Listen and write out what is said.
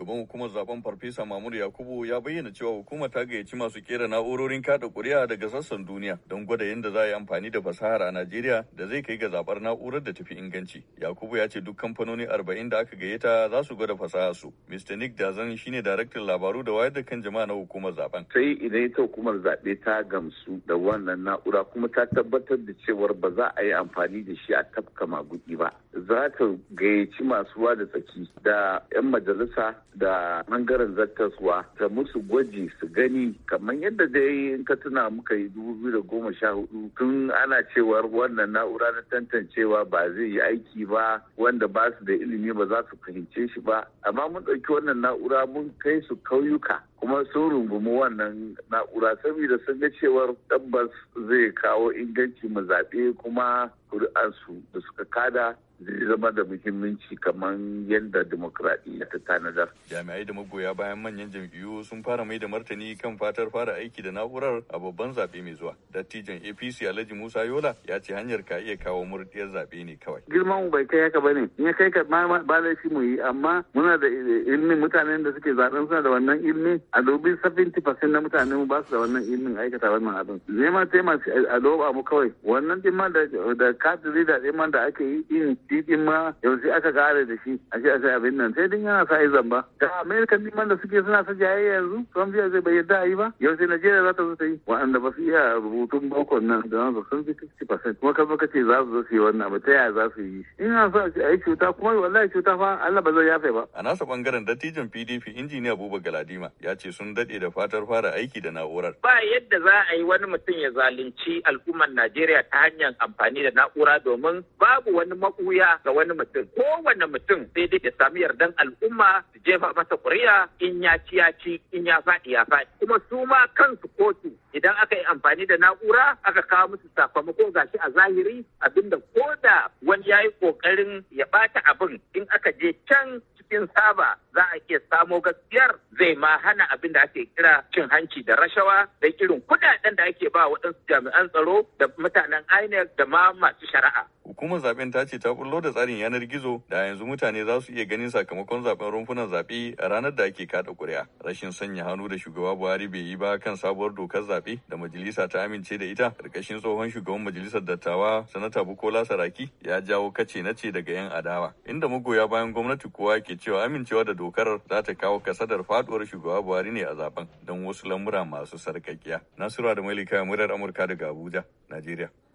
shugaban hukumar zaben farfesa mamudu Yakubu ya bayyana cewa hukumar ta gayyaci masu kera na'urorin kada kuri'a daga sassan duniya don gwada yadda za a yi amfani da fasahar a Najeriya da zai kai ga zabar na'urar da tafi inganci. Yakubu ya ce duk kamfanoni arba'in da aka gayyata za su gwada fasaha su. Mr. Nick Dazan shine daraktan labaru da wayar da kan jama'a na hukumar zaben. Sai idan ita hukumar zaɓe ta gamsu da wannan na'ura kuma ta tabbatar da cewar ba za a yi amfani da shi a tafka magudi ba. Za ta gayyaci masu wada tsaki da 'yan majalisa da ɓangaren zattaswa ta musu gwaji su gani kamar yadda dai in ka tuna muka yi dubu da goma sha hudu tun ana cewar wannan na'ura na tantancewa ba zai yi aiki ba wanda ba su da ilimi ba za su fahimce shi ba amma mun ɗauki wannan na'ura mun kai su kauyuka kuma sun rungumi wannan na'ura saboda sun ga cewar tabbas zai kawo inganci mu zaɓe kuma kuri'ansu da suka kada zai zama da muhimmanci kamar yadda demokradiyya ta tanadar. Jami'ai da magoya bayan manyan jam'iyyu sun fara mai da martani kan fatar fara aiki da na'urar a babban zaɓe mai zuwa. Dattijan APC Alhaji Musa Yola ya ce hanyar ka iya kawo murɗiyar zaɓe ne kawai. Girman bai kai haka ne. In ya kai ka ba laifi mu yi amma muna da ilmin mutanen da suke zaɓen suna da wannan ilmin a dubi 70% na mutanen mu ba su da wannan ilmin aikata wannan abin. Neman taimaka a loba mu kawai. Wannan ɗin ma da kadiri da ɗin da ake yi didin ma yanzu aka kare da shi a ce a sai abin nan sai din yana sa izan ba da amerika niman da suke suna sa jaye yanzu trump biya zai bai a yi ba yanzu najeriya za ta zo ta yi wa'anda ba su iya rubutun bakon nan da nan sun fi 50% kuma ka ka ce za su zo su yi wannan ba ta yaya za su yi in yana sa a yi cuta kuma wallahi cuta fa allah ba zai yafe ba. a nasa bangaren dattijan pdp injiniya buba galadima ya ce sun daɗe da fatar fara aiki da na'urar. ba yadda za a yi wani mutum ya zalunci al'ummar najeriya ta hanyar amfani da na'ura domin babu wani makuya. kuriya ga wani mutum kowane mutum sai dai ya sami yardan al'umma su jefa masa kuriya in ya ci ya ci in ya faɗi ya faɗi kuma su ma kansu kotu idan aka yi amfani da na'ura aka kawo musu sakamako gashi a zahiri abinda ko da wani ya yi ƙoƙarin ya ɓata abin in aka je can cikin saba za a iya samo gaskiyar zai ma hana abin da ake kira cin hanci da rashawa da irin kuɗaɗen da ake ba waɗansu jami'an tsaro da mutanen INEC da ma masu shari'a. hukumar zaben ta ce ta bullo da tsarin yanar gizo da yanzu mutane za su iya ganin sakamakon zaben rumfunan zaɓe a ranar da ake kada ƙuri'a. Rashin sanya hannu da shugaba Buhari bai yi ba kan sabuwar dokar zaɓe da majalisa ta amince da ita ƙarƙashin tsohon shugaban majalisar dattawa sanata Bukola Saraki ya jawo kace na ce daga 'yan adawa inda magoya bayan gwamnati kowa ke cewa amincewa da dokar za ta kawo kasadar faduwar shugaba Buhari ne a zaben don wasu lamura masu sarkakiya. Nasura da Malika murar Amurka daga Abuja, Najeriya.